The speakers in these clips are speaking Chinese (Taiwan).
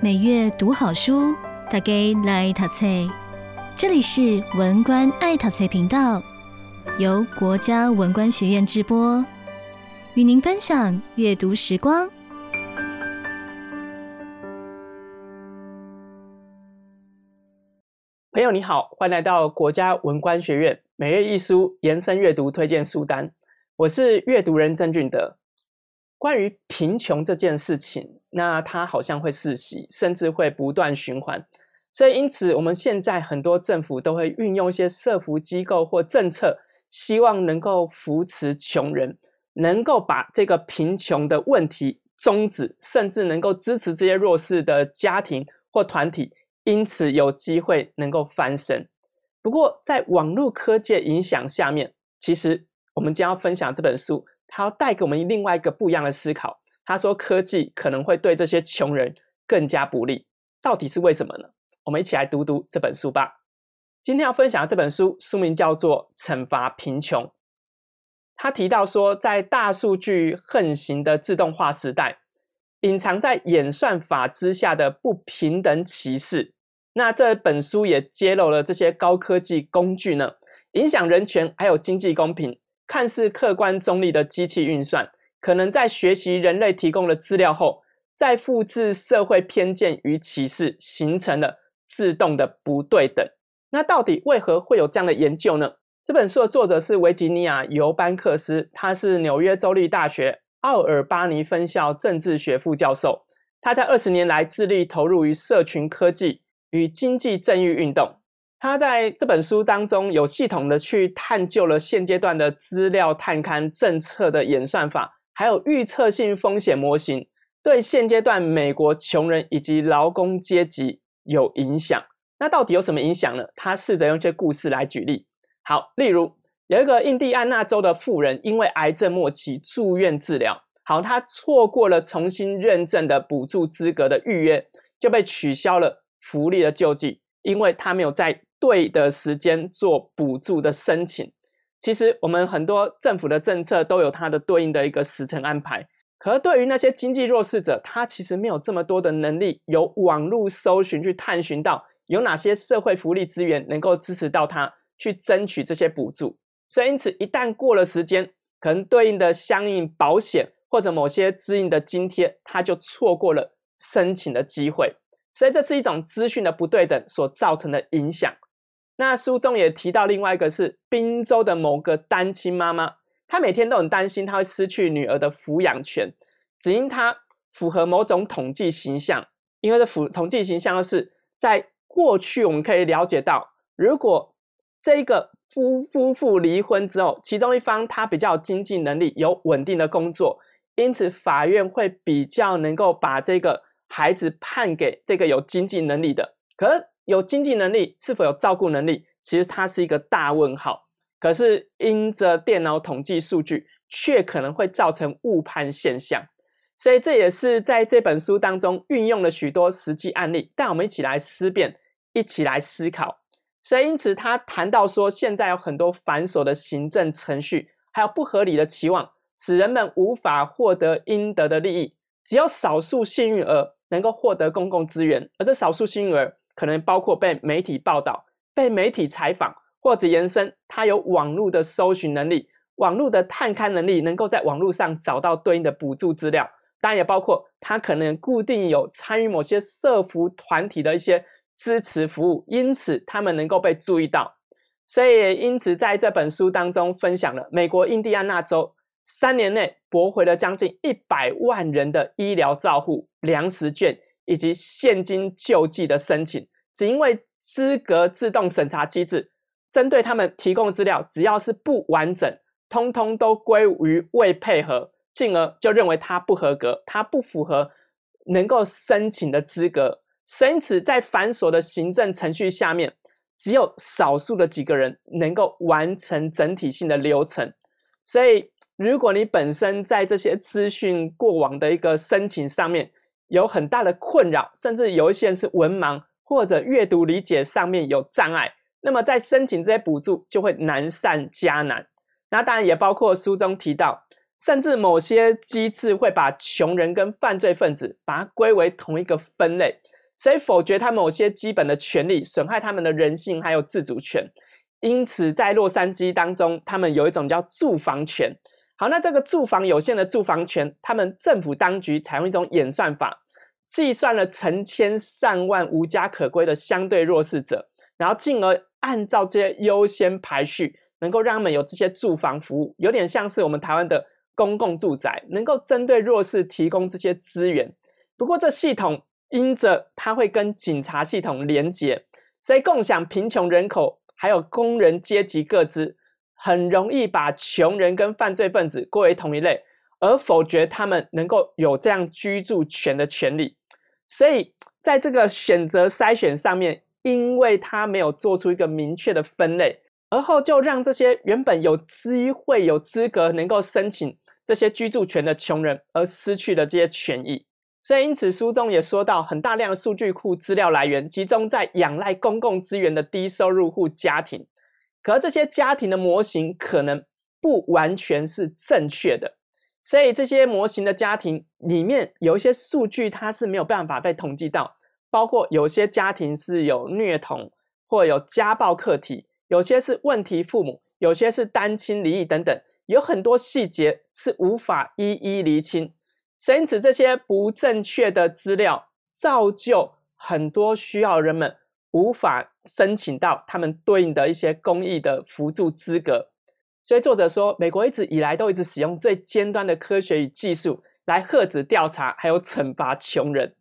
每月讀好書，大家來讀冊。這裡是文官愛讀冊頻道，由國家文官學院直播，與您分享閱讀時光。朋友你好，歡迎來到國家文官學院每月一書延伸閱讀推薦書單。我是閱讀人鄭俊德。關於貧窮這件事情，那它好像會世襲，甚至會不斷循環。所以，因此，我們現在很多政府都會運用一些社福機構或政策，希望能夠扶持窮人，能夠把這個貧窮的問題終止，甚至能夠支持這些弱勢的家庭或團體，因此有機會能夠翻身。不過，在網絡科技的影響下面，其實我們將要分享這本書。他要帶給我們另外一個不一樣的思考。他說：“科技可能會對這些窮人更加不利，到底是為什麼呢？”我們一起來讀讀這本書吧。今天要分享的這本書書名叫做《懲罰貧窮》。他提到說，在大數據橫行的自動化時代，隱藏在演算法之下的不平等歧視。那這本書也揭露了這些高科技工具呢，影響人權還有經濟公平。看似客觀中立的機器運算，可能在學習人類提供的資料後，再複製社會偏見與歧視，形成了自動的不對等。那到底為何會有這樣的研究呢？這本書的作者是維吉尼亞·尤班克斯，她是紐約州立大學奧爾巴尼分校政治學副教授。她在二十年來致力投入於社群科技與經濟正義運動。他在這本書當中有系統的去探究了現階段的資料探勘、政策的演算法，還有預測性風險模型對現階段美國窮人以及勞工階級有影響。那到底有什麼影響呢？他試着用這故事來舉例。好，例如有一個印第安納州的婦人因為癌症末期住院治療，好，他錯過了重新認證的補助資格的預約，就被取消了福利的救濟，因為他沒有在。對的時間做補助的申請，其實我們很多政府的政策都有它的對應的一個時程安排。可對於那些經濟弱勢者，他其實沒有這麼多的能力，有網絡搜尋去探尋到有哪些社會福利資源能夠支持到他去爭取這些補助。所以因此，一旦過了時間，可能對應的相應保險或者某些資應的津貼，他就錯過了申請的機會。所以這是一種資訊的不對等所造成的影響。那書中也提到，另外一個是賓州的某個單親媽媽，她每天都很擔心她會失去女兒的撫養權，只因她符合某種統計形象。因為這符統計形象就是，在過去我們可以了解到，如果這一個夫夫婦離婚之後，其中一方他比較有經濟能力，有穩定的工作，因此法院會比較能夠把這個孩子判給這個有經濟能力的。可有經濟能力，是否有照顧能力，其實它是一個大問號。可是，因着電腦統計數據，卻可能會造成誤判現象。所以，這也是在這本書當中運用了許多實際案例，帶我們一起來思辨，一起來思考。所以，因此他談到說，現在有很多繁瑣的行政程序，還有不合理的期望，使人們無法獲得應得的利益。只有少數幸運兒能夠獲得公共資源，而這少數幸運兒。可能包括被媒體報道、被媒體採訪，或者延伸，他有網絡的搜尋能力、網絡的探勘能力，能夠在網絡上找到對應的補助資料。當然也包括他可能固定有參與某些社服團體的一些支持服務，因此他們能夠被注意到。所以，也因此在這本書當中分享了美國印第安納州三年內駁回了將近一百萬人的醫療照護、糧食券以及現金救濟的申請。只因為資格自動審查機制針對他們提供的資料，只要是不完整，通通都歸於未配合，進而就認為他不合格，他不符合能夠申請的資格。因此，在繁瑣的行政程序下面，只有少數的幾個人能夠完成整體性的流程。所以，如果你本身在這些資訊過往的一個申請上面有很大的困擾，甚至有一些是文盲。或者閱讀理解上面有障礙，那麼在申請這些補助就會難上加難。那當然也包括書中提到，甚至某些機制會把窮人跟犯罪分子把它歸為同一個分類，所以否決他某些基本的權利，損害他們的人性還有自主權。因此，在洛杉磯當中，他們有一種叫住房權。好，那這個住房有限的住房權，他們政府當局採用一種演算法。計算了成千上萬無家可歸的相對弱勢者，然後進而按照這些優先排序，能夠讓他們有這些住房服務，有點像是我們台灣的公共住宅，能夠針對弱勢提供這些資源。不過，這系統因着它會跟警察系統連結，所以共享貧窮人口還有工人階級個資，很容易把窮人跟犯罪分子歸為同一類，而否決他們能夠有這樣居住權的權利。所以，在這個選擇篩選上面，因為他沒有做出一個明確的分類，而後就讓這些原本有機會、有資格能夠申請這些居住權的窮人，而失去了這些權益。所以，因此書中也說到，很大量的數據庫資料來源集中在仰賴公共資源的低收入戶家庭，可這些家庭的模型可能不完全是正確的。所以這些模型的家庭裡面有一些數據，它是沒有辦法被統計到，包括有些家庭是有虐童或有家暴課題，有些是問題父母，有些是單親離異等等，有很多細節是無法一一釐清，所以因此這些不正確的資料造就很多需要人們無法申請到他們對應的一些公益的輔助資格。所以作者說，美國一直以來都一直使用最尖端的科學與技術來喝止調查，還有懲罰窮人，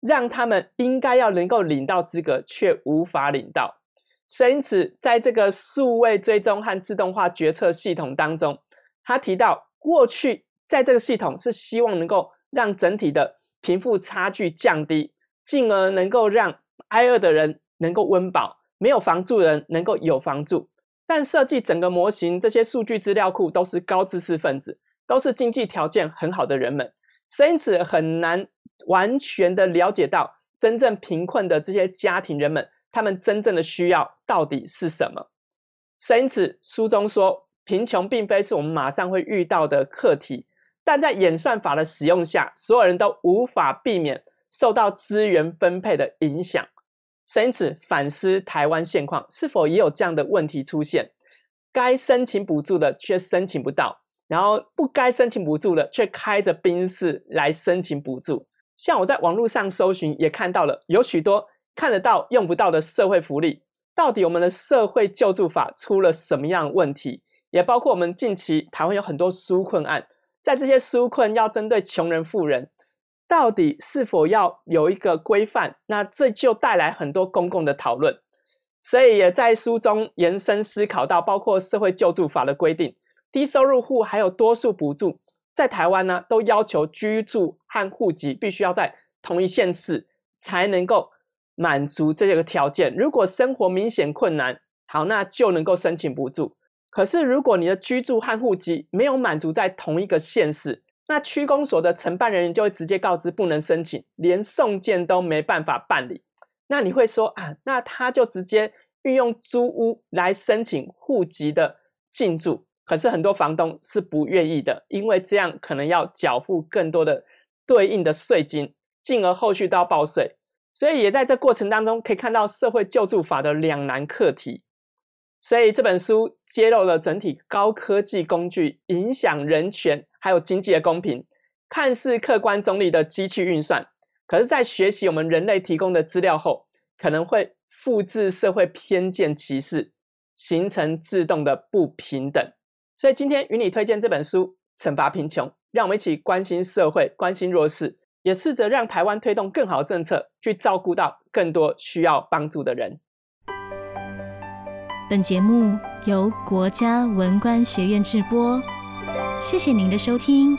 讓他們應該要能夠領到資格，卻無法領到。所以因此，在這個數位追蹤和自動化決策系統當中，他提到過去在這個系統是希望能夠讓整體的貧富差距降低，進而能夠讓挨餓的人能夠溫飽，沒有房住的人能夠有房住。但設計整個模型，這些數據資料庫都是高知識分子，都是經濟條件很好的人們，所以因此很難完全的了解到真正貧困的這些家庭人們，他們真正的需要到底是什麼。所以因此，書中說，貧窮並非是我們馬上會遇到的課題，但在演算法的使用下，所有人都無法避免受到資源分配的影響。因此，反思台灣現況是否也有這樣的問題出現？該申請補助的卻申請不到，然後不該申請補助的卻開着賓士來申請補助。像我在網絡上搜尋也看到了，有許多看得到用不到的社會福利，到底我們的社會救助法出了什麼樣的問題？也包括我們近期台灣有很多紓困案，在這些紓困要針對窮人、富人。到底是否要有一個規範？那這就帶來很多公共的討論，所以也在書中延伸思考到包括社會救助法的規定，低收入戶還有多數補助，在台灣呢，都要求居住和戶籍必須要在同一縣市才能夠滿足這個條件。如果生活明顯困難，好，那就能夠申請補助。可是如果你的居住和戶籍沒有滿足在同一個縣市，那區公所的承辦人員就會直接告知不能申請，連送件都沒辦法辦理。那你會說，啊，那他就直接運用租屋來申請戶籍的進駐。可是很多房東是不願意的，因為這樣可能要繳付更多的對應的稅金，進而後續都要報稅。所以也在這過程當中可以看到社會救助法的兩難課題。所以這本書揭露了整體高科技工具影響人權。還有經濟的公平，看似客觀中立的機器運算，可是，在學習我們人類提供的資料後，可能會複製社會偏見、歧視，形成自動的不平等。所以，今天與你推薦這本書《懲罰貧窮》，讓我們一起關心社會、關心弱勢，也試着讓台灣推動更好政策，去照顧到更多需要幫助的人。本節目由國家文官學院製播。謝謝您的收聽。